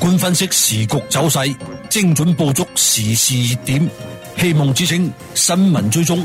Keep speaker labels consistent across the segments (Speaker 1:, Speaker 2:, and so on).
Speaker 1: 觀分析時局走勢，精準捕捉時事熱點。希望之聲新聞追蹤。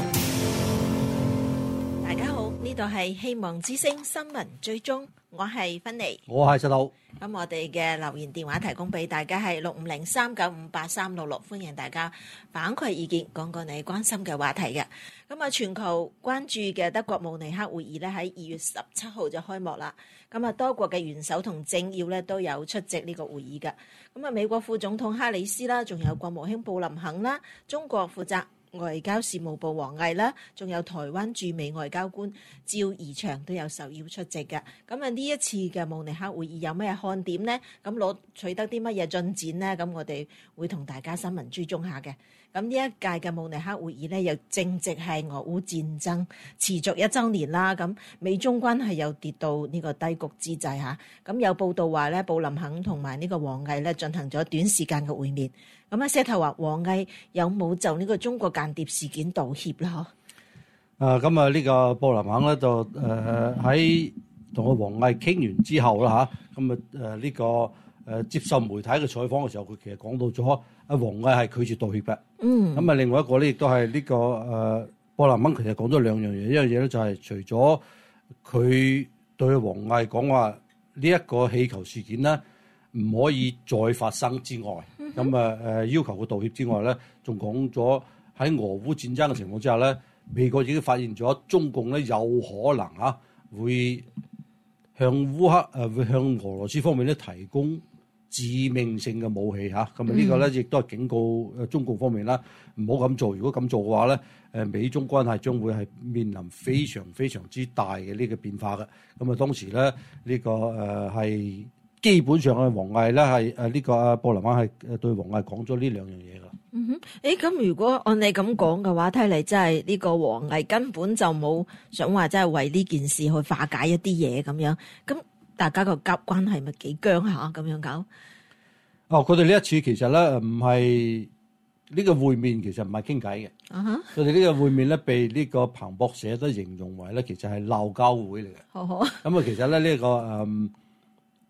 Speaker 2: 大家好，呢度係希望之聲新聞追蹤。我係芬妮，我係細路。咁我哋嘅留言電話提供俾大家係六五零三九五八三六六，歡迎大家反饋意見，講講你關心嘅話題嘅。咁啊，全球關注嘅德國慕尼黑會議咧，喺二月十七號就開幕啦。咁啊，多國嘅元首同政要咧都有出席呢個會議嘅。咁啊，美國副總統哈里斯啦，仲有國務卿布林肯啦，中國負責。外交事務部王毅啦，仲有台灣駐美外交官趙宜祥都有受邀出席嘅。咁啊，呢一次嘅慕尼黑會議有咩看點呢？咁攞取得啲乜嘢進展呢？咁我哋會同大家新聞追蹤下嘅。咁呢一屆嘅慕尼黑會議咧，又正值係俄烏戰爭持續一周年啦。咁美中關係又跌到呢個低谷之際嚇。咁有報道話咧，布林肯同埋呢個王毅咧進行咗短時間嘅會面。咁啊，石頭話王毅有冇就呢個中國間諜事件道歉啦？嗬。
Speaker 1: 咁啊，呢個布林肯咧就誒喺同個王毅傾完之後啦嚇。咁啊誒呢個。誒、呃、接受媒體嘅採訪嘅時候，佢其實講到咗阿王毅係拒絕道歉嘅。嗯，咁啊，另外一個咧，亦都係呢、這個誒、呃、波蘭蚊。其實講咗兩樣嘢。一樣嘢咧，就係除咗佢對王毅講話呢一個氣球事件咧唔可以再發生之外，咁啊誒要求佢道歉之外咧，仲講咗喺俄烏戰爭嘅情況之下咧，美國已經發現咗中共咧有可能嚇、啊、會向烏克誒、呃、會向俄羅斯方面咧提供。致命性嘅武器嚇，咁啊呢個咧亦都係警告誒中共方面啦，唔好咁做。如果咁做嘅話咧，誒美中關係將會係面臨非常非常之大嘅呢個變化嘅。咁啊當時咧呢、這個誒係、呃、基本上嘅王毅咧係誒呢個阿布林肯係對王毅講咗呢兩樣嘢㗎喇。嗯
Speaker 2: 哼，誒咁如果按你咁講嘅話，睇嚟真係呢、這個王毅根本就冇想話真係為呢件事去化解一啲嘢咁樣，咁。大家個夾關係咪幾僵下，咁樣搞？
Speaker 1: 哦，佢哋呢一次其實咧唔係呢個會面，其實唔係傾偈嘅。佢哋呢個會面咧被呢個彭博社都形容為咧，其實係鬧交會嚟嘅。
Speaker 2: 好
Speaker 1: 好。咁啊，其實咧、這、呢個誒、嗯，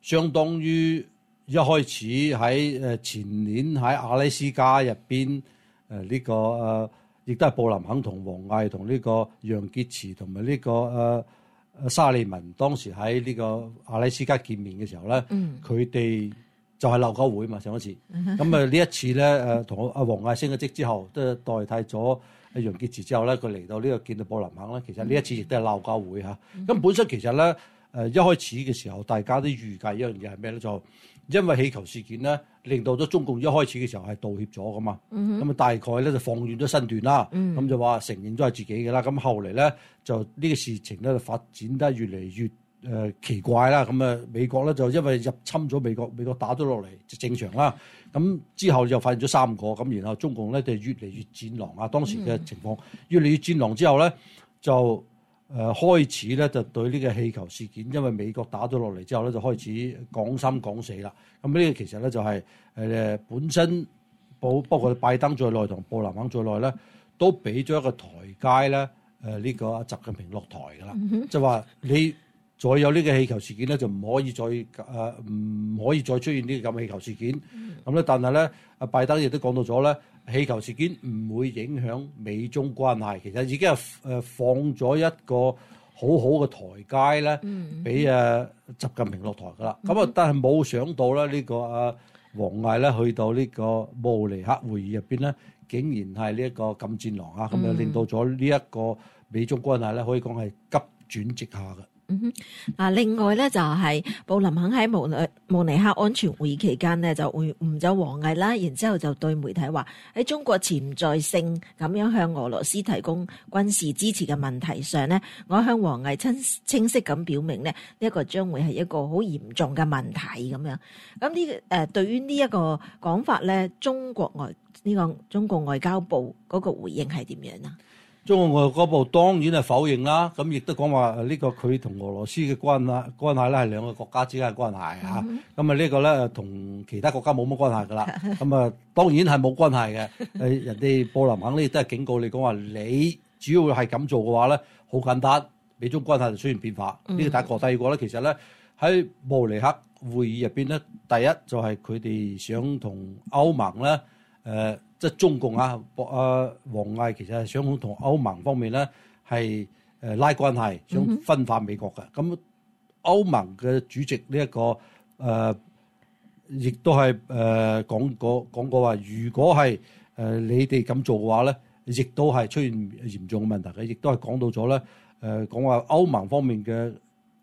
Speaker 1: 相當於一開始喺誒前年喺阿拉斯加入邊誒呢個誒、亦、呃、都係布林肯同王毅同呢個楊潔篪同埋呢個誒。呃沙利文當時喺呢個阿拉斯加見面嘅時候咧，佢哋、嗯、就係鬧交會嘛，上一次，咁啊呢一次咧，誒同阿王毅升咗職之後都代替咗楊潔篪之後咧，佢嚟到呢個見到布林肯咧，其實呢一次亦都係鬧交會嚇。咁、嗯啊、本身其實咧，誒一開始嘅時候，大家都預計一樣嘢係咩咧就？因為氣球事件咧，令到咗中共一開始嘅時候係道歉咗噶嘛，咁啊、mm hmm. 大概咧就放軟咗身段啦，咁、mm hmm. 就話承認咗係自己嘅啦。咁後嚟咧就呢個事情咧就發展得越嚟越誒、呃、奇怪啦。咁啊美國咧就因為入侵咗美國，美國打咗落嚟就正常啦。咁之後就發現咗三個，咁然後中共咧就越嚟越戰狼啊！當時嘅情況越嚟越戰狼之後咧、mm hmm. 就。誒、呃、開始咧就對呢個氣球事件，因為美國打咗落嚟之後咧，就開始講三講四啦。咁呢個其實咧就係、是、誒、呃、本身，保包括拜登在內同布林肯在內咧，都俾咗一個台階咧誒呢、呃這個啊習近平落台㗎啦。 就話你再有呢個氣球事件咧，就唔可以再誒唔、呃、可以再出現呢個咁氣球事件。咁咧，但係咧，啊拜登亦都講到咗咧。氣球事件唔會影響美中關係，其實已經係誒放咗一個好好嘅台階咧，俾誒習近平落台噶啦。咁啊，但係冇想到咧，呢個阿王毅咧去到呢個慕尼黑會議入邊咧，竟然係呢一個禁戰狼啊，咁啊令到咗呢一個美中關係咧，可以講係急轉直下嘅。
Speaker 2: 嗯哼，嗱，另外咧就係布林肯喺慕慕尼黑安全會議期間呢就會晤咗王毅啦，然之後就對媒體話，喺中國潛在性咁樣向俄羅斯提供軍事支持嘅問題上呢，我向王毅清清晰咁表明呢，呢呢一個將會係一個好嚴重嘅問題咁樣。咁呢誒對於呢一個講法咧，中國外呢個中國外交部嗰個回應係點
Speaker 1: 樣啊？中俄國嗰部當然係否認啦，咁亦都講話呢個佢同俄羅斯嘅關啦關係啦係兩個國家之間嘅關係嚇，咁、嗯、哼啊、這個、呢個咧同其他國家冇乜關係噶啦，咁 啊當然係冇關係嘅。誒 人哋布林肯呢，亦都係警告你講話你只要係咁做嘅話咧，好簡單，美中關係就出現變化呢、這個第一個，嗯、第二個咧其實咧喺慕尼黑會議入邊咧，第一就係佢哋想同歐盟咧誒。呃即係中共啊，誒啊王毅其實係想同歐盟方面咧係誒拉關係，想分化美國嘅。咁歐盟嘅主席呢一個誒，亦都係誒講過講過話，如果係誒你哋咁做嘅話咧，亦都係出現嚴重嘅問題嘅，亦都係講到咗咧誒講話歐盟方面嘅。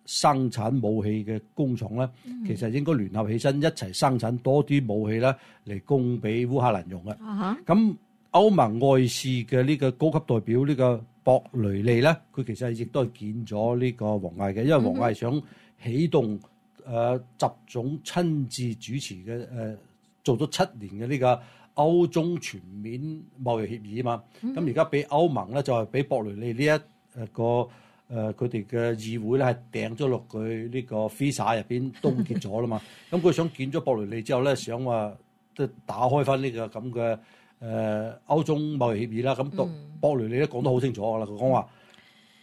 Speaker 1: 生產武器嘅工廠咧，其實應該聯合起身一齊生產多啲武器啦，嚟供俾烏克蘭用嘅。咁歐盟外事嘅呢個高級代表呢個博雷利咧，佢其實係亦都係見咗呢個王毅嘅，因為王毅想起動誒習總親自主持嘅誒、呃，做咗七年嘅呢個歐中全面貿易協議啊嘛。咁而家俾歐盟咧，就係俾博雷利呢一誒個。誒佢哋嘅議會咧，係掟咗落佢呢個 visa 入邊凍結咗啦嘛，咁佢 想見咗博雷利之後咧，想話即係打開翻呢個咁嘅誒歐中貿易協議啦，咁到博雷利都講得好清楚噶啦，佢講話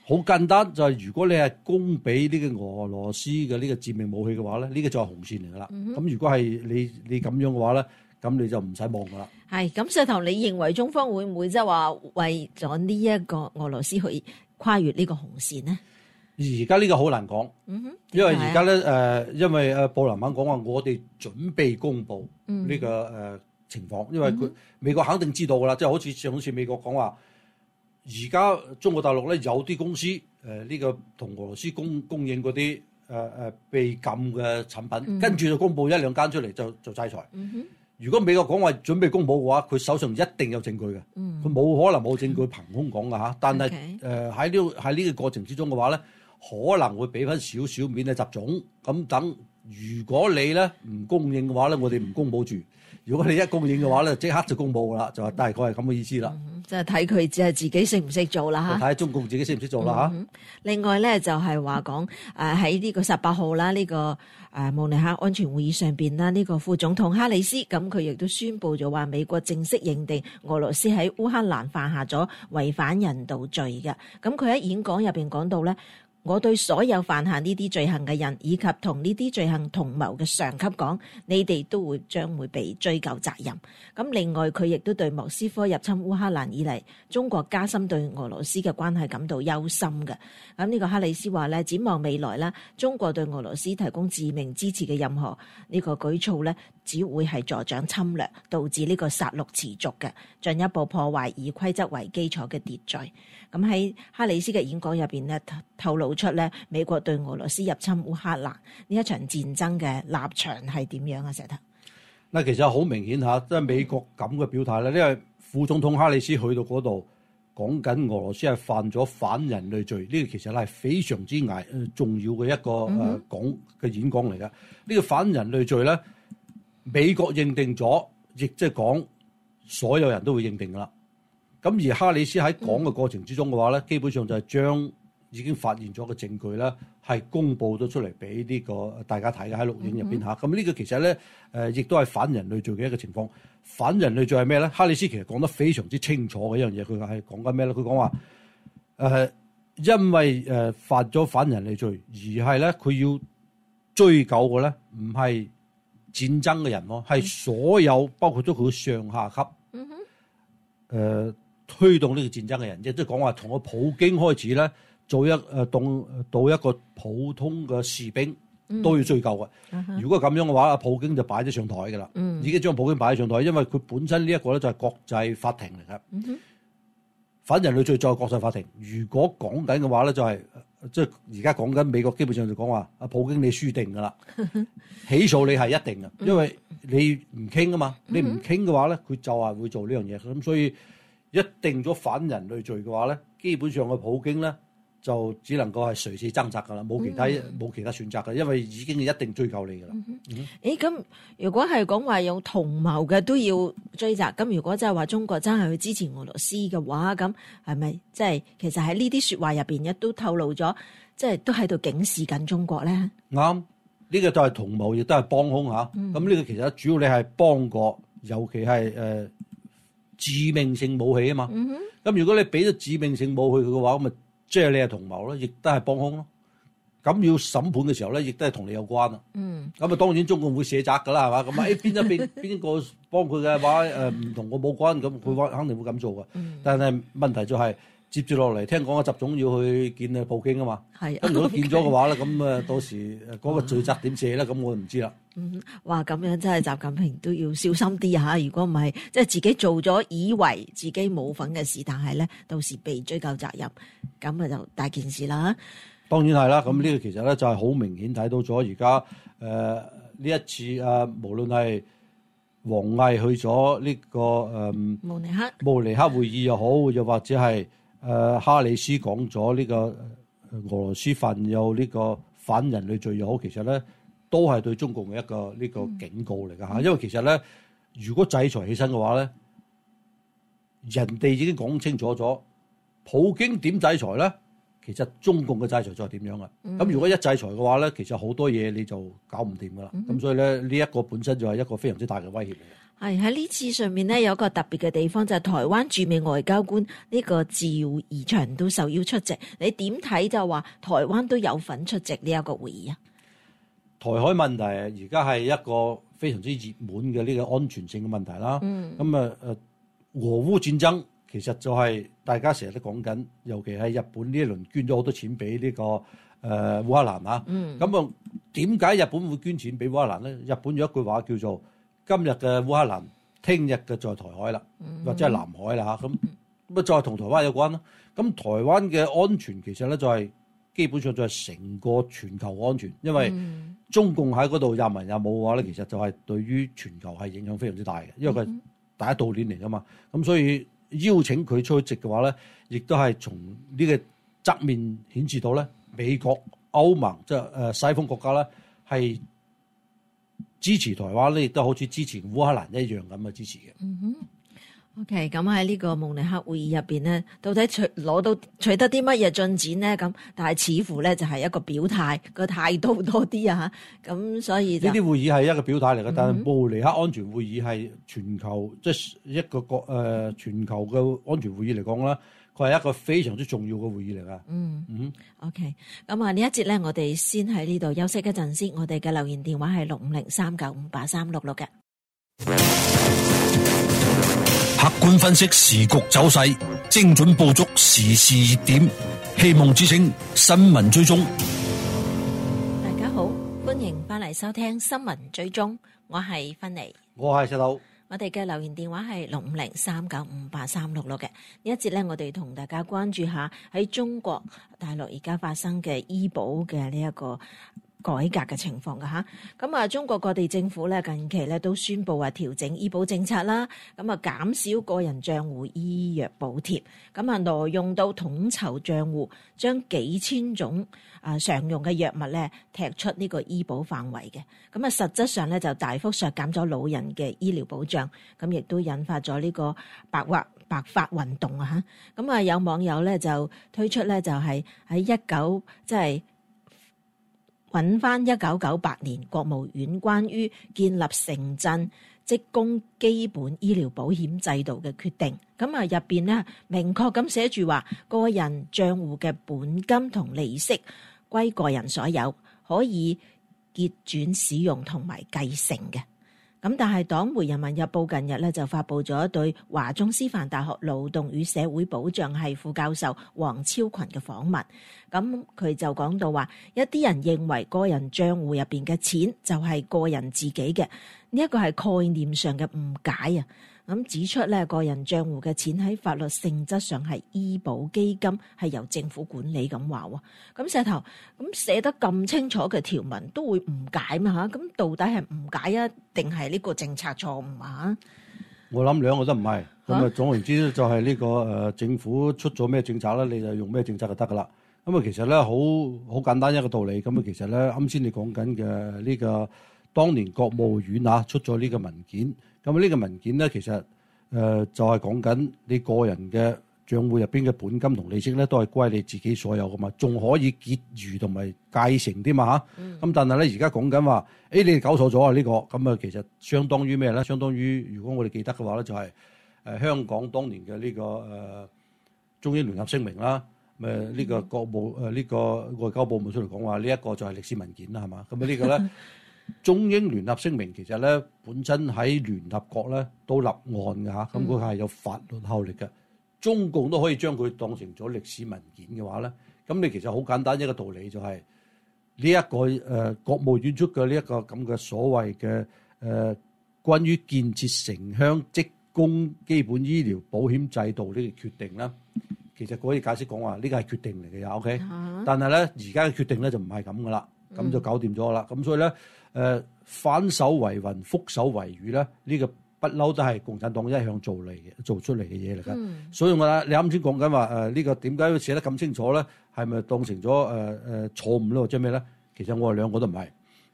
Speaker 1: 好簡單，就係如果你係供俾呢個俄羅斯嘅呢個致命武器嘅話咧，呢個就係紅線嚟噶啦，咁、嗯、哼如果係你你咁樣嘅話咧，咁你就唔使望噶啦。
Speaker 2: 係，咁石頭，你認為中方會唔會即係話為咗呢一個俄羅斯去？跨越呢個紅線
Speaker 1: 咧，而家、嗯、呢個好難講，
Speaker 2: 因為而家咧
Speaker 1: 誒，因為誒布林肯講話我哋準備公布呢、這個誒、嗯哼呃、情況，因為佢美國肯定知道噶啦，即、就、係、是、好似好似美國講話，而家中國大陸咧有啲公司誒呢、呃這個同俄羅斯供供應嗰啲誒誒被禁嘅產品，嗯、哼跟住就公布一兩間出嚟就就制裁。嗯哼。如果美國講話準備公佈嘅話，佢手上一定有證據嘅，佢冇、嗯、可能冇證據憑空講㗎吓。嗯、但係誒喺呢喺呢個過程之中嘅話咧，可能會俾翻少少免咧集中咁等。但如果你咧唔供應嘅話咧，我哋唔公佈住。嗯。如果你一公演嘅話咧，即刻就公佈㗎啦，就話大概係咁嘅意思啦。
Speaker 2: 即係睇佢只係自己識唔識做啦嚇。睇
Speaker 1: 下中共自己識唔識做啦嚇、嗯。
Speaker 2: 另外咧就係話講誒喺呢個十八號啦，呢、這個誒、呃、慕尼黑安全會議上面啦，呢、這個副總統哈里斯咁佢亦都宣布咗話美國正式認定俄羅斯喺烏克蘭犯下咗違反人道罪嘅。咁佢喺演講入面講到咧。我對所有犯下呢啲罪行嘅人，以及同呢啲罪行同謀嘅上級講，你哋都會將會被追究責任。咁另外，佢亦都對莫斯科入侵烏克蘭以嚟，中國加深對俄羅斯嘅關係感到憂心嘅。咁呢個哈里斯話咧，展望未來啦，中國對俄羅斯提供致命支持嘅任何呢個舉措咧，只會係助長侵略，導致呢個殺戮持續嘅，進一步破壞以規則為基礎嘅秩序。咁喺哈里斯嘅演講入邊咧，透露出咧美國對俄羅斯入侵烏克蘭呢一場戰爭嘅立場係點樣啊？成德，
Speaker 1: 嗱其實好明顯吓，即係美國咁嘅表態咧，因為副總統哈里斯去到嗰度講緊俄羅斯係犯咗反人類罪，呢、呢個其實係非常之危誒重要嘅一個誒講嘅、嗯、哼演講嚟噶。呢、呢個反人類罪咧，美國認定咗，亦即係講所有人都會認定噶啦。咁而哈里斯喺講嘅過程之中嘅話咧，嗯、基本上就係將已經發現咗嘅證據咧，係公佈咗出嚟俾呢個大家睇嘅喺錄影入邊嚇。咁呢、嗯嗯、個其實咧，誒、呃、亦都係反人類罪嘅一個情況。反人類罪係咩咧？哈里斯其實講得非常之清楚嘅一樣嘢，佢係講緊咩咧？佢講話誒，因為誒犯咗反人類罪，而係咧佢要追究嘅咧，唔係戰爭嘅人咯，係所有、嗯、包括咗佢上下級，誒、嗯嗯。呃推動呢個戰爭嘅人，即係即係講話，從個普京開始咧，做一誒到到一個普通嘅士兵、嗯、
Speaker 2: 都要追
Speaker 1: 究嘅。嗯、如果咁樣嘅話，阿普京就擺咗上台㗎啦。嗯、已經將普京擺咗上台，因為佢本身呢一個咧就係國際法庭嚟嘅。嗯、哼反人類罪在國際法庭，如果講緊嘅話咧、就係，就係即係而家講緊美國，基本上就講話阿普京你輸定㗎啦，嗯、起訴你係一定嘅，因為你唔傾啊嘛，你唔傾嘅話咧，佢就係會做呢樣嘢咁，所以。一定咗反人類罪嘅話咧，基本上嘅普京咧就只能夠係垂死掙扎噶啦，冇其他冇其他選擇嘅，嗯、因為已經一定追究你噶啦。
Speaker 2: 誒，咁如果係講話有同謀嘅都要追責，咁如果即係話中國真係去支持俄羅斯嘅話，咁係咪即係其實喺呢啲説話入邊嘅都透露咗，即、就、係、是、都喺度警示緊中國咧？
Speaker 1: 啱、嗯，呢個都係同謀，亦都係幫兇嚇。咁呢個其實主要你係幫國，尤其係誒。呃致命性武器啊嘛，咁、嗯、哼如果你俾咗致命性武器佢嘅話，咁咪即係你係同謀咯，亦都係幫兇咯。咁要審判嘅時候咧，亦都係同你有關啊。咁啊、嗯、當然中共會卸責㗎啦，係嘛？咁啊誒邊一邊個，幫佢嘅話誒唔同我冇關，咁佢話肯定會咁做㗎。嗯、但係問題就係、是。接住落嚟，聽講阿習總要去見啊普京啊嘛，係啊，咁如果見咗嘅話咧，咁誒到時嗰個罪責點寫咧，咁我唔知啦。嗯，
Speaker 2: 哇，咁樣真係習近平都要小心啲嚇。如果唔係，即係自己做咗以為自己冇份嘅事，但係咧，到時被追究責任，咁啊就大件事啦。
Speaker 1: 當然係啦，咁呢個其實咧就係好明顯睇到咗而家誒呢一次啊，無論係王毅去咗呢個誒慕尼黑慕尼黑會議又好，又或者係。誒哈里斯講咗呢個俄羅斯犯有呢個反人類罪又好，其實咧都係對中共嘅一個呢個警告嚟㗎嚇，因為其實咧如果制裁起身嘅話咧，人哋已經講清楚咗，普京點制裁咧？其實中共嘅制裁再點樣啊？咁、mm hmm. 如果一制裁嘅話咧，其實好多嘢你就搞唔掂噶啦。咁、mm hmm. 所以咧，呢一個本身就係一個非常之大嘅威脅嚟。
Speaker 2: 係喺呢次上面咧，有一個特別嘅地方，就係、是、台灣駐美外交官呢個趙依翔都受邀出席。你點睇就話台灣都有份出席呢一個會議啊？
Speaker 1: 台海問題而家係一個非常之熱門嘅呢個安全性嘅問題啦。咁啊、mm，誒、hmm.，俄烏戰爭。其實就係大家成日都講緊，尤其係日本呢一輪捐咗好多錢俾呢、這個誒、呃、烏克蘭、嗯、啊。咁啊，點解日本會捐錢俾烏克蘭咧？日本有一句話叫做：今日嘅烏克蘭，聽日嘅在台海啦，或者係南海啦嚇。咁咁咪再同台灣有關咯、啊。咁台灣嘅安全其實咧就係基本上就係成個全球安全，因為中共喺嗰度入文入武嘅話咧，嗯、其實就係對於全球係影響非常之大嘅，因為佢第一島鏈嚟噶嘛。咁所以邀請佢出席嘅話咧，亦都係從呢個側面顯示到咧，美國、歐盟即係誒西方國家咧，係支持台灣，咧亦都好似支持烏克蘭一樣咁嘅支持嘅。嗯
Speaker 2: 哼。O.K. 咁喺呢個慕尼黑會議入邊呢，到底取攞到取得啲乜嘢進展呢？咁但係似乎咧就係一個表態個態度多啲啊！咁所以
Speaker 1: 呢啲會議係一個表態嚟噶嗯、但係慕尼黑安全會議係全球即係、就是、一個國誒、呃、全球嘅安全會議嚟講啦，佢係一個非常之重要嘅會議嚟噶嗯嗯
Speaker 2: ，O.K. 咁啊呢一節咧，我哋先喺呢度休息一陣先。我哋嘅留言電話係六五零三九五八三六六嘅。
Speaker 1: 客觀分析時局走勢，精準捕捉時事熱點，希望之聲新聞追蹤。
Speaker 2: 大家好，歡迎翻嚟收聽新聞追蹤，我係芬妮，
Speaker 1: 我係石佬。
Speaker 2: 我哋嘅留言電話係六五零三九五八三六六嘅。這一節呢一節咧，我哋同大家關注下喺中國大陸而家發生嘅醫保嘅呢一個。改革嘅情況嘅吓，咁啊中國各地政府咧近期咧都宣布啊調整醫保政策啦，咁啊減少個人帳戶醫藥補貼，咁啊挪用到統籌帳戶，將幾千種啊常用嘅藥物咧踢出呢個醫保範圍嘅，咁啊實質上咧就大幅削減咗老人嘅醫療保障，咁亦都引發咗呢個白鬢白髮運動啊！吓，咁啊有網友咧就推出咧就係喺一九即係。搵翻一九九八年國務院關於建立城鎮職工基本醫療保險制度嘅決定，咁啊入邊咧明確咁寫住話，個人賬戶嘅本金同利息歸個人所有，可以結轉使用同埋繼承嘅。咁但係黨媒《人民日報》近日咧，就發佈咗對華中師範大學勞動與社會保障系副教授黃超群嘅訪問，咁佢就講到話，一啲人認為個人賬戶入邊嘅錢就係個人自己嘅，呢一個係概念上嘅誤解啊。咁指出咧，個人賬戶嘅錢喺法律性質上係醫保基金，係由政府管理。咁話喎，咁石頭咁寫得咁清楚嘅條文都會誤解嘛？吓，咁到底係誤解啊，定係呢個政策錯誤啊？
Speaker 1: 我諗兩個都唔係咁啊。總而言之就、這個，就係呢個誒政府出咗咩政策咧，你就用咩政策就得噶啦。咁啊，其實咧好好簡單一個道理。咁啊，其實咧啱先你講緊嘅呢個當年國務院啊出咗呢個文件。咁呢個文件咧，其實誒、呃、就係講緊你個人嘅帳戶入邊嘅本金同利息咧，都係歸你自己所有噶嘛，仲可以結餘同埋繼承添嘛嚇。咁、嗯、但係咧，而家講緊話，誒、欸、你哋搞錯咗啊呢個。咁啊，其實相當於咩咧？相當於如果我哋記得嘅話咧、就是，就係誒香港當年嘅呢、這個誒、呃、中英聯合聲明啦。咁呢、嗯啊這個國務誒呢、呃這個外交部門出嚟講話，呢、這、一個就係歷史文件啦，係嘛？咁啊呢個咧。 中英聯合聲明其實咧本身喺聯合國咧都立案㗎吓，咁佢係有法律效力嘅。中共都可以將佢當成咗歷史文件嘅話咧，咁你其實好簡單一個道理就係呢一個誒、呃、國務院出嘅呢一個咁嘅所謂嘅誒、呃、關於建設城鄉職工基本醫療保險制度呢個決定啦，其實可以解釋講話呢個係決定嚟嘅，OK？、嗯、但係咧而家嘅決定咧就唔係咁嘅啦，咁、嗯、就搞掂咗啦，咁所以咧。誒、呃，反手為雲，覆手為雨咧，呢、這個不嬲都係共產黨一向做嚟嘅，做出嚟嘅嘢嚟噶。嗯、所以我你啱先講緊話，誒、呃、呢、這個點解要寫得咁清楚咧？係咪當成咗誒誒錯誤咯？或者咩咧？其實我哋兩個都唔係，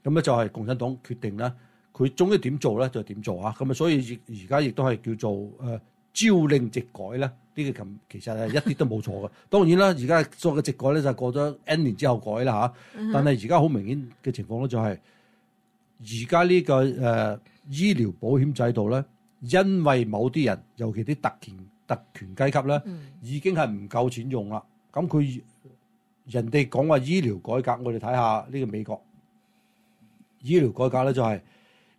Speaker 1: 咁咧就係共產黨決定啦。佢終於點做咧就點、是、做啊！咁啊，所以而家亦都係叫做誒、呃、朝令夕改咧，呢、這個咁其實係一啲都冇錯嘅。 當然啦，而家所謂嘅夕改咧就過咗 N 年之後改啦吓、啊。但係而家好明顯嘅情況咧就係、是。而家呢個誒、呃、醫療保險制度咧，因為某啲人，尤其啲特權特權階級咧，嗯、已經係唔夠錢用啦。咁佢人哋講話醫療改革，我哋睇下呢個美國醫療改革咧、就是，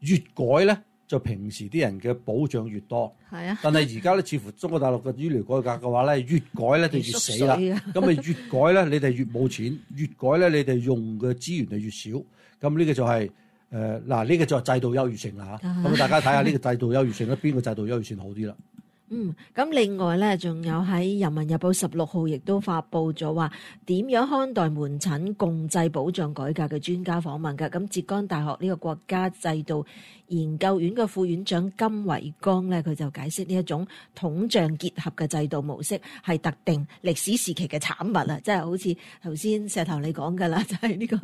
Speaker 1: 就係越改咧，就平時啲人嘅保障越多。係是啊，但係而家咧，似乎中國大陸嘅醫療改革嘅話咧，越改咧就越死啦。咁咪 越改咧，你哋越冇錢；越改咧，你哋用嘅資源就越少。咁呢個就係、是。誒嗱呢個就係制度優越性啦嚇，咁、嗯、大家睇下呢個制度優越性咧，邊 個制度優越性好啲啦？
Speaker 2: 嗯，咁另外咧，仲有喺《人民日報》十六號亦都發布咗話，點樣看待門診共濟保障改革嘅專家訪問噶？咁浙江大學呢個國家制度研究院嘅副院長金維剛咧，佢就解釋呢一種統賬結合嘅制度模式係特定歷史時期嘅產物啦，即係好似頭先石頭你講噶啦，就係呢個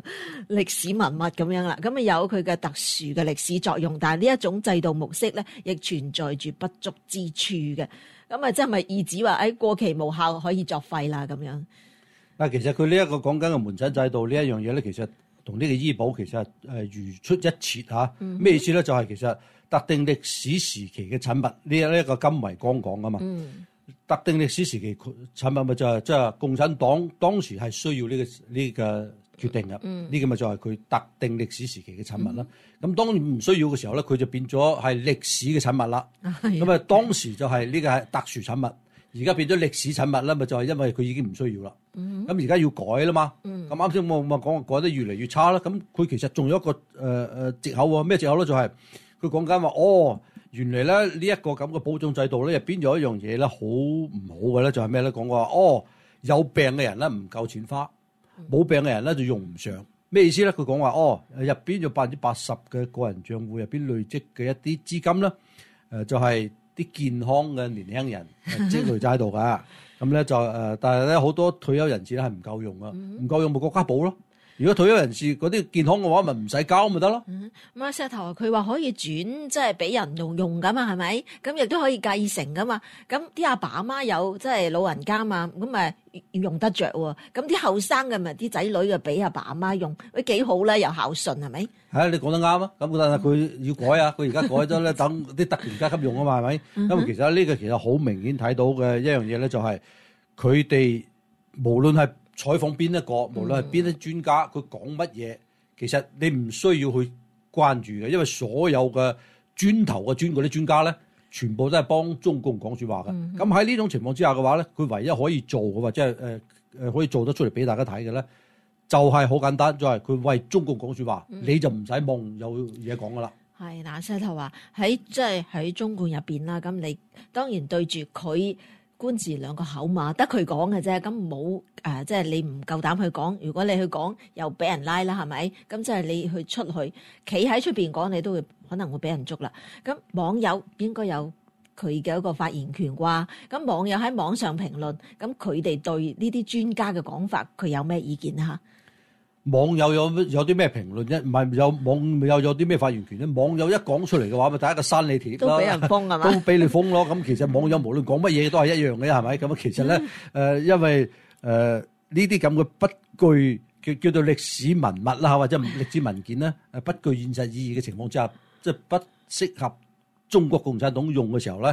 Speaker 2: 歷史文物咁樣啦。咁啊有佢嘅特殊嘅歷史作用，但係呢一種制度模式咧，亦存在住不足之處。嘅，咁啊，即係咪意指話誒過期無效可以作廢啦？咁樣，
Speaker 1: 啊，其實佢呢一個講緊嘅門診制度呢一樣嘢咧，這個、其實同呢個醫保其實係如出一轍吓。咩、嗯、哼意思咧？就係、是、其實特定歷史時期嘅產品呢一呢一個金維剛講啊嘛。嗯、特定歷史時期產品咪就係即係共產黨當時係需要呢個呢個。這個決定嘅呢、嗯、個咪就係佢特定歷史時期嘅產物啦。咁、嗯、當然唔需要嘅時候咧，佢就變咗係歷史嘅產物啦。咁啊當時就係呢個係特殊產物，而家、嗯、變咗歷史產物啦。咪就係、是、因為佢已經唔需要啦。咁而家要改啦嘛。咁啱先我我講改得越嚟越差啦。咁佢其實仲有一個誒誒、呃、藉口喎？咩藉口咧？就係佢講緊話哦，原嚟咧呢一個咁嘅保障制度咧，入邊有一樣嘢咧，好唔好嘅咧？就係咩咧？講過話哦，有病嘅人咧唔夠錢花。冇病嘅人咧就用唔上，咩意思咧？佢講話哦，入邊有百分之八十嘅個人賬戶入邊累積嘅一啲資金咧，誒、呃、就係、是、啲健康嘅年輕人積累咗喺度噶，咁咧就誒，但係咧好多退休人士咧係唔夠用啊，唔夠用咪國家補咯。如果退休人士嗰啲健康嘅話，咪唔使交咪得咯。
Speaker 2: 嗯，阿石頭佢話可以轉，即係俾人用用噶嘛，係咪？咁亦都可以繼承噶嘛。咁啲阿爸阿媽有，即係老人家嘛，咁咪用得着。咁啲後生嘅咪啲仔女又俾阿爸阿媽用，喂，幾好咧，又孝順係咪？
Speaker 1: 係啊，你講得啱啊。咁但係佢要改啊，佢而家改咗咧，等啲特權階級用啊嘛，係咪？因為其實呢個其實好明顯睇到嘅一樣嘢咧，就係佢哋無論係。.採訪邊一個，無論係邊啲專家，佢講乜嘢，其實你唔需要去關注嘅，因為所有嘅專頭嘅專嗰啲專家咧，全部都係幫中共講說話嘅。咁喺呢種情況之下嘅話咧，佢唯一可以做嘅或者即係誒誒可以做得出嚟俾大家睇嘅咧，就係、是、好簡單，就係、是、佢為中國講説話，嗯、你就唔使望有嘢講噶啦。
Speaker 2: 係嗱，西頭話喺即係喺中共入邊啦，咁你當然對住佢。官字兩個口嘛，得佢講嘅啫，咁冇誒，即係你唔夠膽去講，如果你去講，又俾人拉啦，係咪？咁即係你去出去，企喺出邊講，你都會可能會俾人捉啦。咁網友應該有佢嘅一個發言權啩？咁網友喺網上評論，咁佢哋對呢啲專家嘅講法，佢有咩意見啊？
Speaker 1: 網友有乜有啲咩評論啫？唔係有網友有啲咩發言權咧？網友一講出嚟嘅話，咪第一個刪你帖啦，都俾人封係嘛，都俾你封咯。咁其實網友無論講乜嘢都係一樣嘅，係咪？咁啊，其實咧，誒，因為誒呢啲咁嘅不具叫叫做歷史文物啦，或者歷史文件咧，誒，不具現實意義嘅情況之下，即係不適合中國共產黨用嘅時候咧，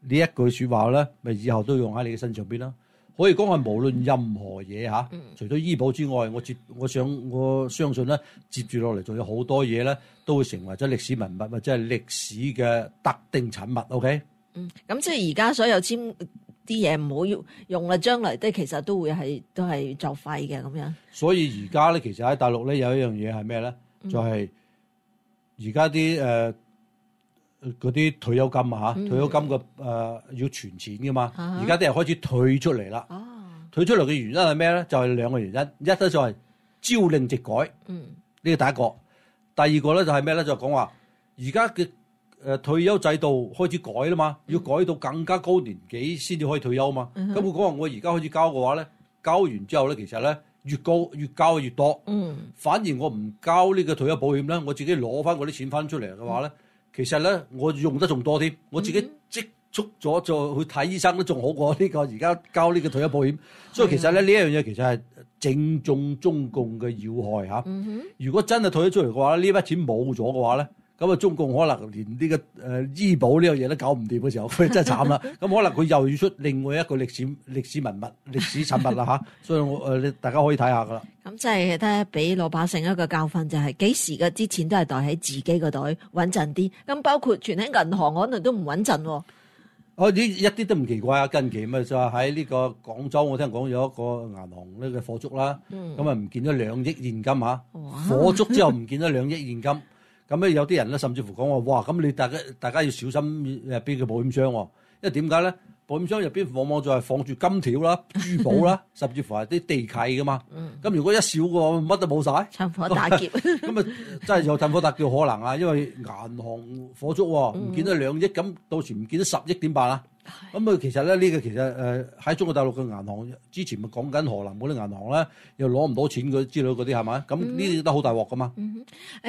Speaker 1: 呢一句說話咧，咪以後都要用喺你嘅身上邊啦。可以講係無論任何嘢吓，嗯，除咗醫保之外，我接，我想我相信咧，接住落嚟仲有好多嘢咧，都會成為咗歷史文物或者係歷史嘅特定產物。OK？嗯，
Speaker 2: 咁即係而家所有簽啲嘢唔好用用啦，將來即係其實都會係都係作廢嘅咁樣。
Speaker 1: 所以而家咧，其實喺大陸咧有一樣嘢係咩咧？就係而家啲誒。呃嗰啲退休金啊嚇，嗯、哼退休金個誒、呃、要存錢嘅嘛，而家啲人開始退出嚟啦。啊、退出嚟嘅原因係咩咧？就係、是、兩個原因，一咧就係朝令夕改。呢個、嗯、第一個，第二個咧就係咩咧？就講話而家嘅誒退休制度開始改啦嘛，嗯、要改到更加高年紀先至可以退休嘛。咁、嗯、哼佢講話我而家開始交嘅話咧，交完之後咧，其實咧越高越交越多。嗯，反而我唔交呢個退休保險咧，我自己攞翻嗰啲錢翻出嚟嘅話咧。嗯其實咧，我用得仲多添，我自己積蓄咗再去睇醫生都仲好過呢個，而家交呢個退休保險。所以其實咧，呢一是的 樣嘢其實係正中中共嘅要害嚇、啊。如果真係退咗出嚟嘅話，呢筆錢冇咗嘅話咧。咁啊、嗯！中共可能連呢、這個誒、呃、醫保呢樣嘢都搞唔掂嘅時候，佢真係慘啦！咁、 嗯、可能佢又要出另外一個歷史歷史文物歷史陳物啦吓、啊，所以我誒、呃，大家可以睇下噶啦。
Speaker 2: 咁即係睇，俾、就是、老百姓一個教訓就係、是，幾時嘅啲錢都係袋喺自己個袋穩陣啲。咁、嗯、包括存喺銀行，可能都唔穩陣。哦，呢、
Speaker 1: 呃、一啲都唔奇怪啊！近期咪就話喺呢個廣州，我聽講有一個銀行呢個火燭啦，咁啊唔見咗兩億現金吓，火燭之後唔見咗兩億現金。啊哇咁咧有啲人咧甚至乎講話，哇！咁你大家大家要小心入邊嘅保險箱喎，因為點解咧？保險箱入邊往往就係放住金條啦、珠寶啦， 甚至乎係啲地契噶嘛。咁、嗯、如果一小個乜都冇晒，趁火打劫。咁啊，真係有趁火打劫可能啊！因為銀行火燭、啊，唔見咗兩億，咁、嗯、到時唔見咗十億點辦啊？咁啊，嗯嗯、其實咧呢、這個其實誒喺、呃、中國大陸嘅銀行之前咪講緊河南嗰啲銀行咧又攞唔到錢嗰之類嗰啲係咪？咁呢啲都好大鑊噶嘛。
Speaker 2: 誒、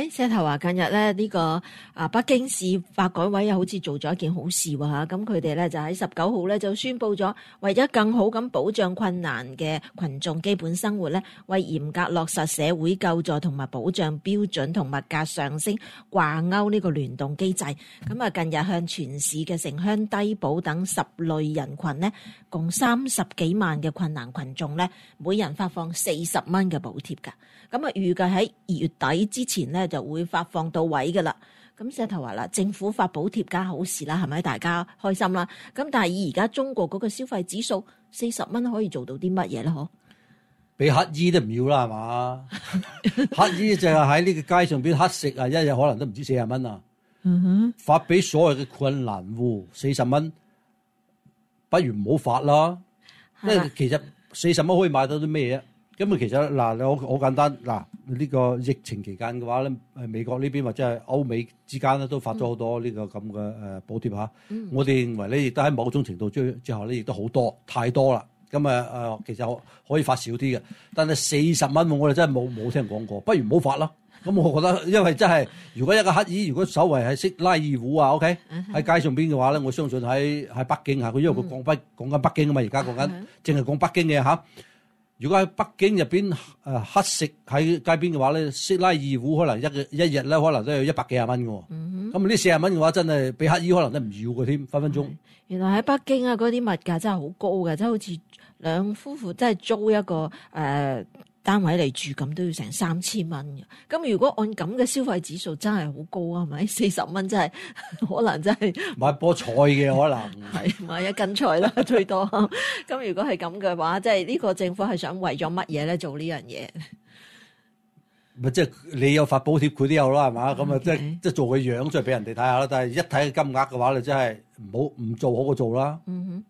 Speaker 2: 嗯、石頭話、啊、近日咧呢、這個啊北京市發改委又好似做咗一件好事喎，咁佢哋咧就喺十九號咧就宣佈咗，為咗更好咁保障困難嘅群眾基本生活咧，為嚴格落實社會救助同埋保障標準同物價上升掛鈎呢個聯動機制，咁啊、嗯、近日向全市嘅城鄉低保等，十類人群呢，共三十幾萬嘅困難群眾呢，每人發放四十蚊嘅補貼噶。咁啊，預計喺二月底之前呢，就會發放到位噶啦。咁石頭話啦，政府發補貼梗係好事啦，係咪大家開心啦？咁但係以而家中國嗰個消費指數，四十蚊可以做到啲乜嘢咧？嗬，
Speaker 1: 俾乞衣都唔要啦，係嘛？乞衣就係喺呢個街上邊乞食啊，一日可能都唔知四十蚊啊。嗯哼，發俾所謂嘅困難戶四十蚊。不如唔好發啦，因為其實四十蚊可以買到啲咩嘢？咁啊，其實嗱，你好簡單，嗱、這、呢個疫情期間嘅話咧，誒美國呢邊或者係歐美之間咧都發咗好多呢個咁嘅誒補貼嚇。嗯、我哋認為咧亦都喺某種程度之之後咧亦都好多太多啦。咁啊誒，其實可以發少啲嘅，但係四十蚊我哋真係冇冇聽講過，不如唔好發啦。咁、嗯、我覺得，因為真係，如果一個乞兒，如果稍微係識拉二胡啊，OK，喺、嗯、哼街上邊嘅話咧，我相信喺喺北京啊，佢因為佢講北講緊北京啊嘛，而家講緊淨係講北京嘅嚇、嗯哼。如果喺北京入邊誒乞食喺街邊嘅話咧，識拉二胡可能一一日咧，可能都有一百幾廿蚊嘅喎。咁呢、嗯、哼四廿蚊嘅話，真係俾乞兒可能都唔要嘅添，分分鐘。嗯、原來喺
Speaker 2: 北京啊，嗰啲物價真係好高嘅，即係好似兩夫婦真係租一個誒。呃單位嚟住咁都要成三千蚊嘅，咁如果按咁嘅消費指數，是40元真係好高啊？係咪四十蚊真係可能真係
Speaker 1: 買波菜嘅可能，
Speaker 2: 買一斤菜啦 最多。咁如果係咁嘅話，即係呢個政府係想為咗乜嘢咧做呢樣嘢？咪
Speaker 1: 即係你有發補貼，佢都有啦，係嘛？咁啊 Okay.，即即做個樣出嚟俾人哋睇下咯。但係一睇金額嘅話，你真係唔好唔做好過做啦。嗯哼、mm。
Speaker 2: Hmm.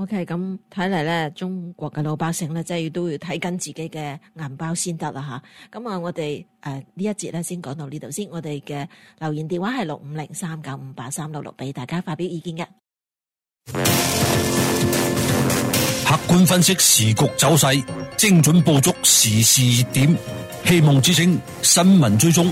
Speaker 2: OK，咁睇嚟咧，中國嘅老百姓咧，即係都要睇緊自己嘅銀包先得啦吓。咁啊，我哋誒、呃、呢一節咧，先講到呢度先。我哋嘅留言電話係六五零三九五八三六六，俾大家發表意見嘅。
Speaker 1: 客觀分析時局走勢，精準捕捉時事熱點。希望之聲新聞追蹤。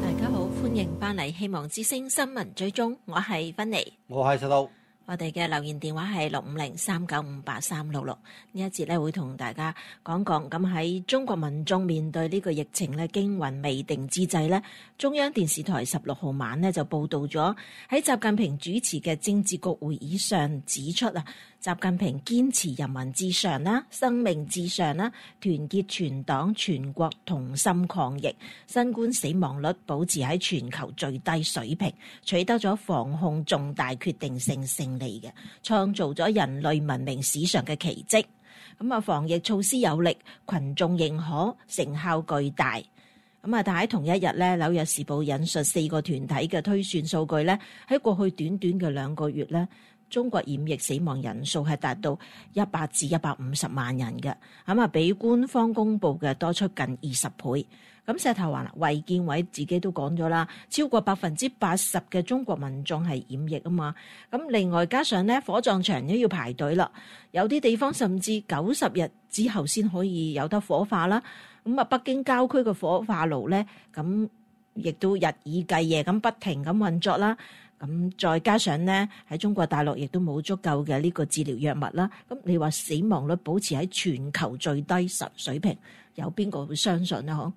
Speaker 2: 大家好，歡迎翻嚟《希望之聲》新聞追蹤，我係芬妮，
Speaker 1: 我係石導。
Speaker 2: 我哋嘅留言電話係六五零三九五八三六六。呢一節咧會同大家講講，咁喺中國民眾面對呢個疫情咧驚魂未定之際咧，中央電視台十六號晚咧就報道咗喺習近平主持嘅政治局會議上指出啊，習近平堅持人民至上啦、生命至上啦，團結全黨全國同心抗疫，新冠死亡率保持喺全球最低水平，取得咗防控重大決定性成。嚟嘅創造咗人類文明史上嘅奇蹟咁啊！防疫措施有力，群眾認可，成效巨大咁啊！但喺同一日咧，《紐約時報》引述四個團體嘅推算數據咧，喺過去短短嘅兩個月咧，中國染疫死亡人數係達到一百至一百五十萬人嘅咁啊，比官方公佈嘅多出近二十倍。咁石頭話啦，衛健委自己都講咗啦，超過百分之八十嘅中國民眾係染疫啊嘛。咁另外加上咧火葬場都要排隊啦，有啲地方甚至九十日之後先可以有得火化啦。咁啊，北京郊區嘅火化爐咧，咁亦都日以繼夜咁不停咁運作啦。咁再加上咧喺中國大陸亦都冇足夠嘅呢個治療藥物啦。咁你話死亡率保持喺全球最低水平，有邊個會相信咧？嗬？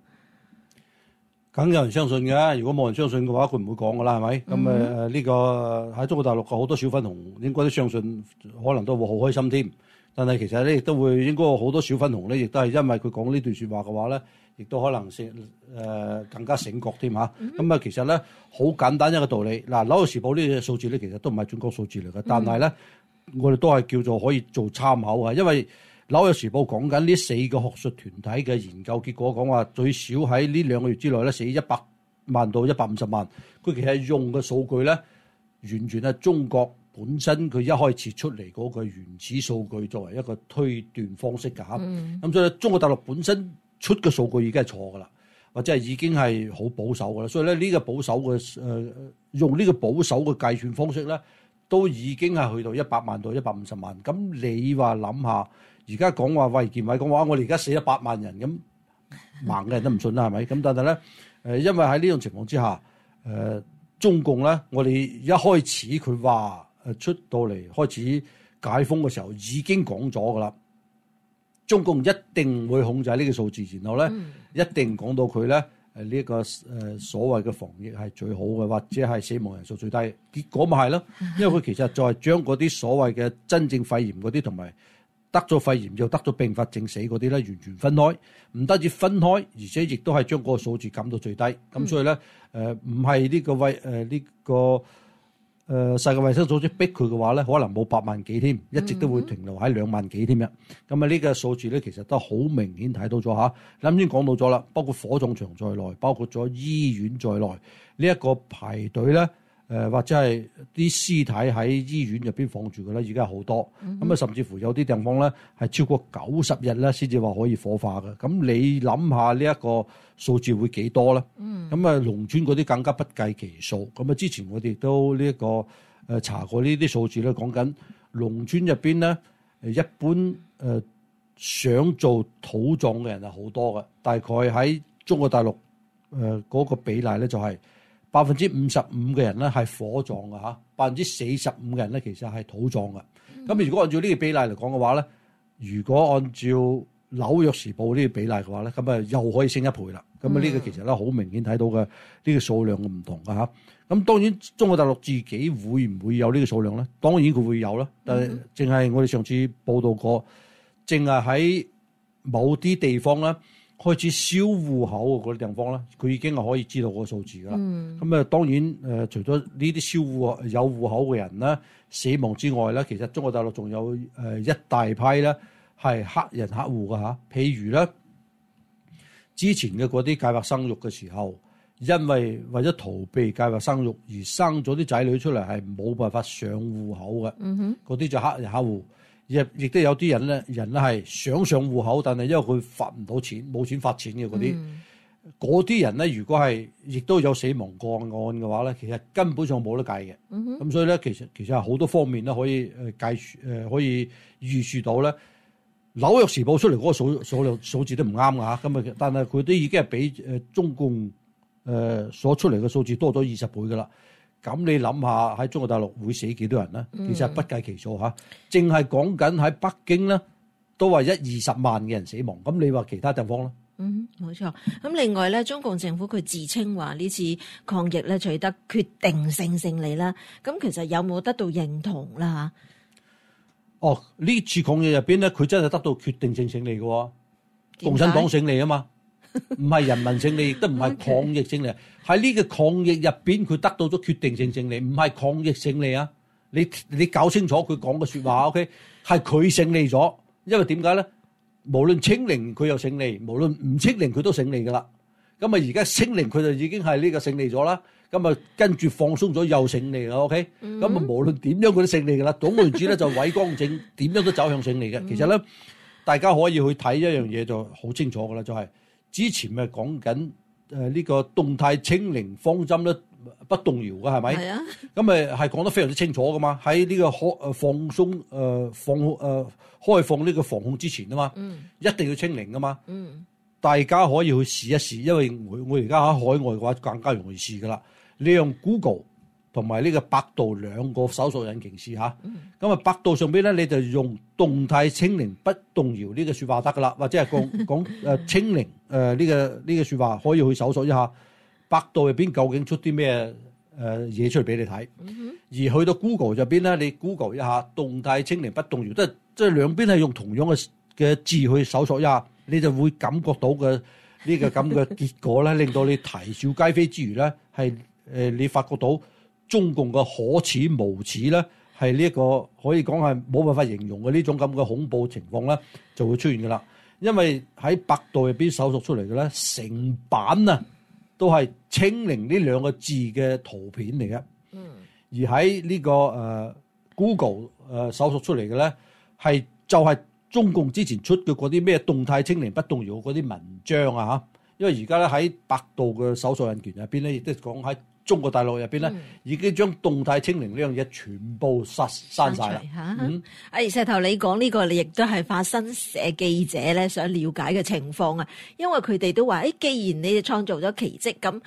Speaker 1: 梗有人相信嘅，如果冇人相信嘅話，佢唔會講嘅啦，係咪？咁誒呢個喺中國大陸嘅好多小粉紅應該都相信，可能都會好開心添。但係其實咧，亦都會應該好多小粉紅咧，亦都係因為佢講呢段說話嘅話咧，亦都可能醒誒、呃、更加醒覺添吓。咁啊、嗯哼嗯，其實咧好簡單一個道理。嗱、呃，攞《紐約時報》呢啲數字咧，其實都唔係準確數字嚟嘅，但係咧，嗯、哼我哋都係叫做可以做參考嘅，因為。《紐約時報》講緊呢四個學術團體嘅研究結果，講話最少喺呢兩個月之內咧，死一百萬到一百五十萬。佢其實用嘅數據咧，完全係中國本身佢一開始出嚟嗰個原始數據作為一個推斷方式㗎，嚇、嗯。咁、嗯、所以中國大陸本身出嘅數據已經係錯㗎啦，或者係已經係好保守㗎啦。所以咧，呢個保守嘅誒、呃、用呢個保守嘅計算方式咧，都已經係去到一百萬到一百五十萬。咁你話諗下？而家講話衛健委講話，我哋而家死咗百萬人，咁盲嘅人都唔信啦，係咪？咁但係咧，誒，因為喺呢種情況之下，誒、呃，中共咧，我哋一開始佢話誒出到嚟開始解封嘅時候已經講咗噶啦，中共一定會控制呢個數字，然後咧、嗯、一定講到佢咧誒呢、呢個誒、呃、所謂嘅防疫係最好嘅，或者係死亡人數最低。結果咪係咯，因為佢其實就係將嗰啲所謂嘅真正肺炎嗰啲同埋，得咗肺炎又得咗併發症死嗰啲咧，完全分開，唔單止分開，而且亦都係將個數字減到最低。咁所以咧，誒唔係呢個衞誒呢個誒世界衞生組織逼佢嘅話咧，可能冇八萬幾添，一直都會停留喺兩萬幾添嘅。咁啊，呢個數字咧其實都好明顯睇到咗嚇。啱先講到咗啦，包括火葬場在內，包括咗醫院在內，呢一個排隊咧。誒或者係啲屍體喺醫院入邊放住嘅咧，而家係好多。咁啊、嗯哼，甚至乎有啲地方咧係超過九十日咧先至話可以火化嘅。咁你諗下呢一個數字會幾多咧？咁啊、嗯，農村嗰啲更加不計其數。咁啊，之前我哋都呢一個誒查過呢啲數字咧，講緊農村入邊咧誒一般誒想做土葬嘅人係好多嘅，大概喺中國大陸誒嗰個比例咧就係、是。百分之五十五嘅人咧係火葬嘅嚇，百分之四十五嘅人咧其實係土葬嘅。咁如果按照呢個比例嚟講嘅話咧，如果按照紐約時報呢個比例嘅話咧，咁啊又可以升一倍啦。咁啊呢個其實咧好明顯睇到嘅呢個數量嘅唔同嘅嚇。咁當然中國大陸自己會唔會有呢個數量咧？當然佢會有啦，但係淨係我哋上次報導過，淨係喺某啲地方咧。開始銷戶口嗰啲地方咧，佢已經係可以知道個數字㗎啦。咁啊、嗯，當然誒，除咗呢啲銷戶口有戶口嘅人咧，死亡之外咧，其實中國大陸仲有誒一大批咧係黑人黑戶嘅嚇，譬如咧之前嘅嗰啲計劃生育嘅時候，因為為咗逃避計劃生育而生咗啲仔女出嚟係冇辦法上戶口嘅，嗰啲、嗯、哼就黑人黑戶。亦亦都有啲人咧，人係想上戶口，但係因為佢發唔到錢，冇錢發錢嘅嗰啲，嗰啲、嗯、人咧，如果係亦都有死亡個案嘅話咧，其實根本上冇得計嘅。咁、嗯、哼 所以咧，其實其實係好多方面咧可以誒計誒可以預視到咧。紐約時報出嚟嗰個數量數,數,數字都唔啱㗎吓，咁啊，但係佢都已經係比誒、呃、中共誒、呃、所出嚟嘅數字多咗二十倍㗎啦。咁你諗下喺中國大陸會死幾多人咧？其實係不計其數吓，淨係講緊喺北京咧，都話一二十萬嘅人死亡。咁你話其他地方咧？
Speaker 2: 嗯，冇錯。咁另外咧，中共政府佢自稱話呢次抗疫咧，取得決定性勝利啦。咁其實有冇得到認同啦？
Speaker 1: 吓？哦，呢次抗疫入邊咧，佢真係得到決定性勝利嘅，共產黨勝利啊嘛！唔係 人民勝利，亦都唔係抗疫勝利。喺呢 Okay. 個抗疫入邊，佢得到咗決定性勝利，唔係抗疫勝利啊！你你搞清楚佢講嘅說話，OK，係佢勝利咗。因為點解咧？無論清零，佢又勝利；無論唔清零，佢都勝利噶啦。咁啊，而家清零，佢就已經係呢個勝利咗啦。咁啊，跟住放鬆咗又勝利啦。OK，咁啊，無論點樣，佢都勝利噶啦。總言之咧，hmm. 就偉光正，點 樣都走向勝利嘅。其實咧，大家可以去睇一樣嘢就好清楚噶啦，就係、是。之前咪講緊誒呢個動態清零方針咧，不動搖嘅係咪？係啊。咁咪係講得非常之清楚㗎嘛，喺呢個可誒放鬆誒、呃、放誒、呃、開放呢個防控之前啊嘛，嗯、一定要清零㗎嘛，嗯、大家可以去試一試，因為我我而家喺海外嘅話更加容易試㗎啦，你用 Google。同埋呢個百度兩個搜索引擎試吓，咁啊、嗯嗯、百度上邊咧你就用動態清零不動搖呢個説話得噶啦，或者係講講誒清零誒呢、呃這個呢、這個説話可以去搜索一下百度入邊究竟出啲咩誒嘢出嚟俾你睇，而去到 Google 入邊咧，你 Google 一下動態清零不動搖，即係即係兩邊係用同樣嘅嘅字去搜索一下，你就會感覺到嘅呢、這個咁嘅、這個、結果咧，令到你啼笑皆非之餘咧，係誒、呃、你發覺到。中共嘅可恥無恥咧，係呢一個可以講係冇辦法形容嘅呢種咁嘅恐怖情況咧，就會出現嘅啦。因為喺百度入邊搜索出嚟嘅咧，成版啊都係清零呢兩個字嘅圖片嚟嘅。嗯，而喺呢個誒 Google 誒搜索出嚟嘅咧，係就係中共之前出嘅嗰啲咩動態清零不動搖嗰啲文章啊嚇。因為而家咧喺百度嘅搜索引擎入邊咧，亦都係講喺。中國大陸入邊咧、嗯，已經將動態清零呢樣嘢全部殺刪晒啦。嗯，
Speaker 2: 哎，石頭，你講呢個你亦都係法新社記者咧想了解嘅情況啊，因為佢哋都話，誒，既然你哋創造咗奇蹟，咁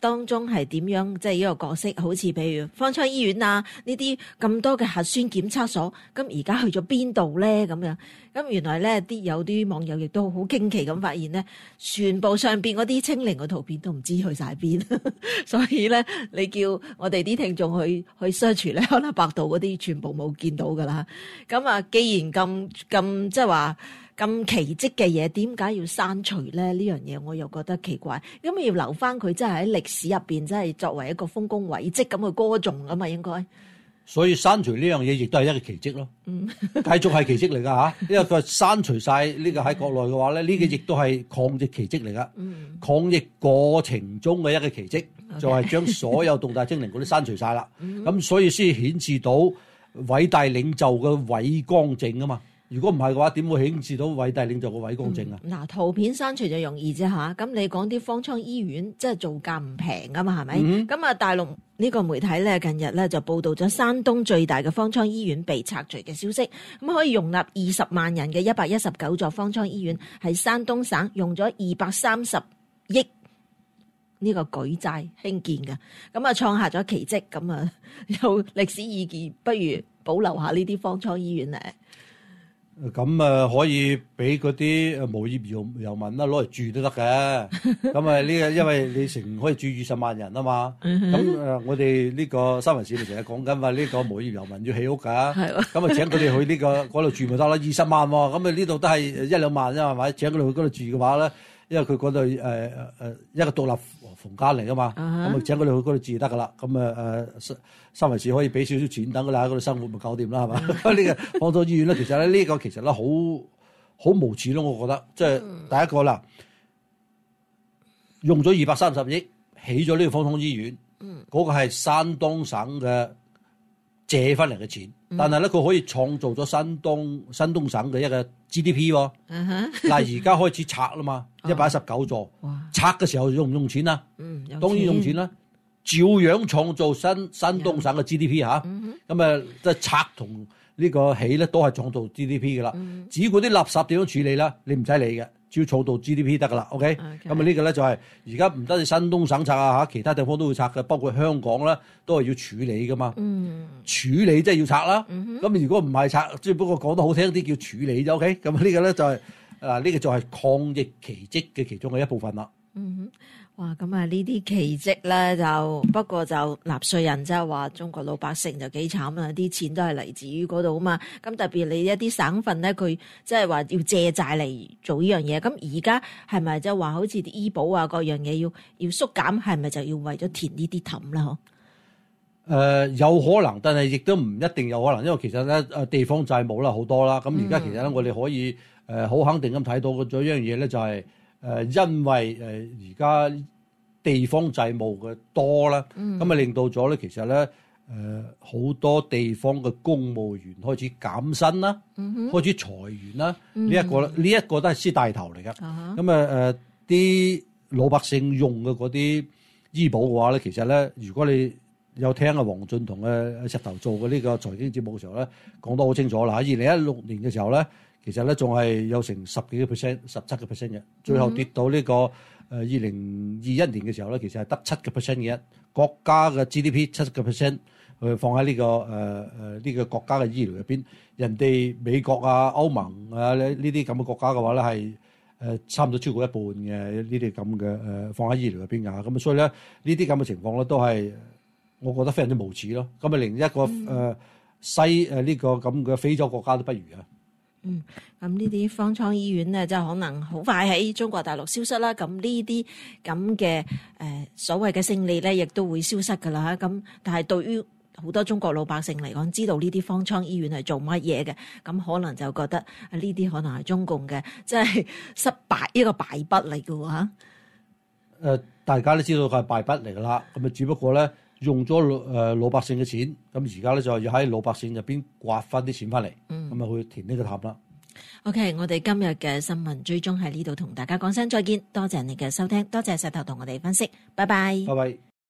Speaker 2: 當中係點樣？即係呢個角色，好似譬如方艙醫院啊，呢啲咁多嘅核酸檢測所，咁而家去咗邊度咧？咁樣。咁原來咧，啲有啲網友亦都好驚奇咁發現咧，全部上面嗰啲清零嘅圖片都唔知去晒邊， 所以咧，你叫我哋啲聽眾去去 search 咧，可能百度嗰啲全部冇見到噶啦。咁啊，既然咁咁即係話咁奇蹟嘅嘢，點解要刪除咧？呢樣嘢我又覺得奇怪。咁要留翻佢，真係喺歷史入面，真係作為一個豐功偉績咁去歌頌噶嘛，應該。
Speaker 1: 所以刪除呢樣嘢亦都係一個奇蹟咯，繼續係奇蹟嚟噶嚇，因為佢刪除晒呢個喺國內嘅話咧，呢個亦都係抗疫奇蹟嚟噶，抗疫過程中嘅一個奇蹟，就係將所有動態清零嗰啲刪除晒啦。咁所以先顯示到偉大領袖嘅偉光正啊嘛。如果唔係嘅話，點會顯示到偉大領袖嘅偉光正？啊？
Speaker 2: 嗱，圖片刪除就容易啫吓。咁、啊、你講啲方艙醫院，即係造價唔平噶嘛，係咪？咁啊、嗯，大陸呢個媒體咧，近日咧就報道咗山東最大嘅方艙醫院被拆除嘅消息。咁可以容納二十萬人嘅一百一十九座方艙醫院，係山東省用咗二百三十億呢個舉債興建嘅。咁啊，創下咗奇跡。咁啊，有歷史意見，不如保留下呢啲方艙醫院咧。
Speaker 1: 咁啊，可以俾嗰啲無業遊遊民啦，攞嚟住都得嘅。咁啊，呢個因為你成可以住二十萬人啊嘛。咁啊、 嗯哼，我哋呢個三藩市咪成日講緊話呢個無業遊民要起屋㗎。咁啊，請佢哋去呢個嗰度住咪得啦？二十萬喎。咁啊，呢度都係一兩萬啫嘛。或請佢哋去嗰度住嘅話咧，因為佢嗰度誒誒一個獨立。房間嚟噶嘛，咁啊、uh huh. 請佢哋去嗰度住就得噶啦，咁啊誒三三圍市可以俾少少錢等佢啦，喺嗰度生活咪搞掂啦係嘛？呢、uh huh. 是吧 個方艙醫院咧，其實咧呢、這個其實咧好好無恥咯，我覺得即係、就是、第一個啦，用咗二百三十億起咗呢個方艙醫院，嗰、uh huh. 個係山東省嘅。借翻嚟嘅錢，但係咧佢可以創造咗山東山東省嘅一個 GDP 喎、
Speaker 2: 哦。嗱而家
Speaker 1: 開始拆啦嘛，一百一十九座，uh huh. 拆嘅時候用唔用錢啊？Uh
Speaker 2: huh. 當然用錢啦，
Speaker 1: 照樣創造新山東省嘅 GDP 吓。咁、huh. 誒、啊，即係拆同呢個起咧都係創造 GDP 嘅啦。Uh huh. 至於啲垃圾點樣處理啦，你唔使理嘅。只要儲到 GDP 得噶啦，OK，咁啊呢個咧就係而家唔得你新東省拆啊嚇，其他地方都會拆嘅，包括香港咧都係要處理噶嘛，mm hmm. 處理即係要拆啦。咁、mm hmm. 如果唔係拆，即係不過講得好聽啲叫處理啫，OK。咁啊呢個咧就係嗱呢個就係、是、 抗疫奇蹟嘅其中嘅一部分啦。嗯
Speaker 2: 哼、mm。Hmm. 哇，咁啊呢啲奇蹟咧，就不過就納稅人即係話中國老百姓就幾慘啦，啲錢都係嚟自於嗰度啊嘛。咁特別你一啲省份咧，佢即係話要借債嚟做呢樣嘢。咁而家係咪即係話好似啲醫保啊，各樣嘢要要縮減，係咪就要為咗填呢啲氹啦？嗬？
Speaker 1: 誒，有可能，但係亦都唔一定有可能，因為其實咧誒地方債務啦好多啦。咁而家其實咧，嗯、我哋可以誒好、呃、肯定咁睇到咗一樣嘢咧，就係、是。誒、呃，因為誒而家地方債務嘅多啦，咁啊令到咗咧，其實咧誒好多地方嘅公務員開始減薪啦，嗯、哼開始裁員啦，呢一、嗯哼呢個咧，呢、呢、一個都係師大頭嚟嘅。咁啊誒，啲、呃、老百姓用嘅嗰啲醫保嘅話咧，其實咧，如果你有聽阿黃俊同阿石頭做嘅呢個財經節目嘅時候咧，講得好清楚啦。喺二零一六年嘅時候咧。其實咧，仲係有成十幾個 percent、十七個 percent 嘅。最後跌到呢個誒二零二一年嘅時候咧，其實係得七個 percent 嘅。國家嘅 GDP 七個 percent 去放喺呢個誒誒呢個國家嘅醫療入邊，人哋美國啊、歐盟啊呢呢啲咁嘅國家嘅話咧，係誒差唔多超過一半嘅呢啲咁嘅誒放喺醫療入邊㗎。咁所以咧呢啲咁嘅情況咧，都係我覺得非常之無恥咯。咁啊，連一個誒西誒呢個咁嘅非洲國家都不如啊。
Speaker 2: 嗯，咁呢啲方艙醫院咧，即係可能好快喺中國大陸消失啦。咁呢啲咁嘅誒，所謂嘅勝利咧，亦都會消失噶啦。咁但係對於好多中國老百姓嚟講，知道呢啲方艙醫院係做乜嘢嘅，咁可能就覺得呢啲可能係中共嘅，即係失敗一個敗筆嚟噶吓。
Speaker 1: 誒、呃，大家都知道佢係敗筆嚟噶啦，咁啊只不過咧，用咗誒老百姓嘅錢，咁而家咧就要喺老百姓入邊刮翻啲錢翻嚟，咁啊、嗯、去填呢個塔啦。
Speaker 2: OK，我哋今日嘅新聞追蹤喺呢度同大家講聲再見，多謝你嘅收聽，多謝石頭同我哋分析，拜拜，
Speaker 1: 拜拜。